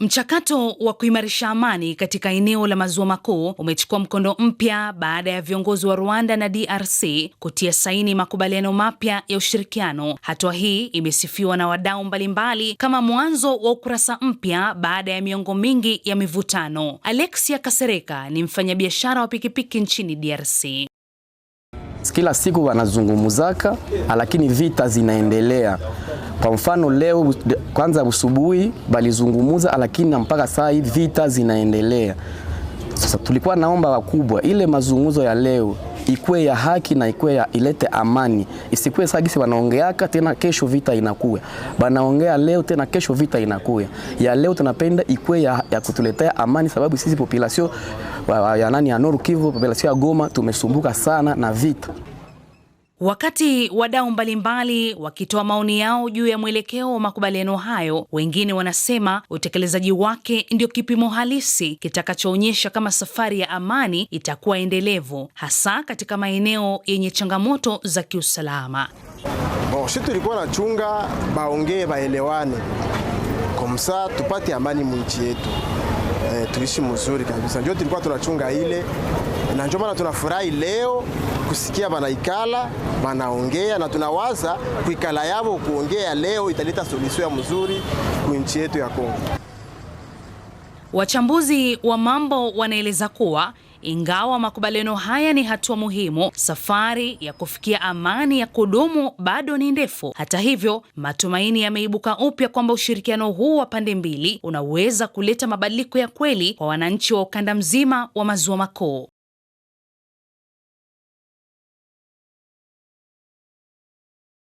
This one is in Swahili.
Mchakato wa kuimarisha amani katika eneo la maziwa makuu umechukua mkondo mpya baada ya viongozi wa Rwanda na DRC kutia saini makubaliano mapya ya ushirikiano. Hatua hii imesifiwa na wadau mbalimbali kama mwanzo wa ukurasa mpya baada ya miongo mingi ya mivutano. Alexia Kasereka ni mfanyabiashara wa pikipiki nchini DRC kila siku wanazungumuzaka, lakini vita zinaendelea. Kwa mfano leo kwanza usubuhi balizungumuza, lakini mpaka saa hii vita zinaendelea. Sasa tulikuwa naomba wakubwa, ile mazungumzo ya leo ikuwe ya haki na ikuwe ya ilete amani, isikuwe sagisi wanaongeaka tena kesho vita inakuwa, banaongea leo tena kesho vita inakuwa. Ya leo tunapenda ikuwe ya, ya kutuletea amani, sababu sisi population ya nani ya Nord Kivu, population ya Goma tumesumbuka sana na vita. Wakati wadau mbalimbali wakitoa maoni yao juu ya mwelekeo wa makubaliano hayo, wengine wanasema utekelezaji wake ndio kipimo halisi kitakachoonyesha kama safari ya amani itakuwa endelevu, hasa katika maeneo yenye changamoto za kiusalama. Bon, tulikuwa na chunga baongee baelewane komsa tupate amani mwinchi yetu eh, tuishi mzuri kabisa. Ndio tulikuwa tunachunga ile, na ndio maana tunafurahi leo kusikia banaikala banaongea, na tunawaza kuikala yavo kuongea leo italeta solution ya mzuri ku nchi yetu ya Kongo. Wachambuzi wa mambo wanaeleza kuwa ingawa makubaliano haya ni hatua muhimu, safari ya kufikia amani ya kudumu bado ni ndefu. Hata hivyo, matumaini yameibuka upya kwamba ushirikiano huu wa pande mbili unaweza kuleta mabadiliko ya kweli kwa wananchi wa ukanda mzima wa Maziwa Makuu.